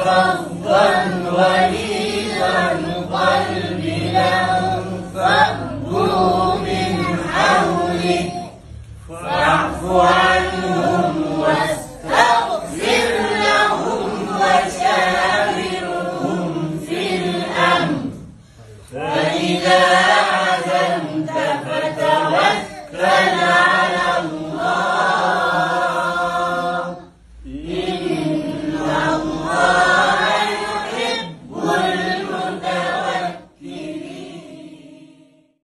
فضا وليلا قلبنا فضوا من حولك فاعف عنهم واستغفر لهم وشاورهم في الأمر فإذا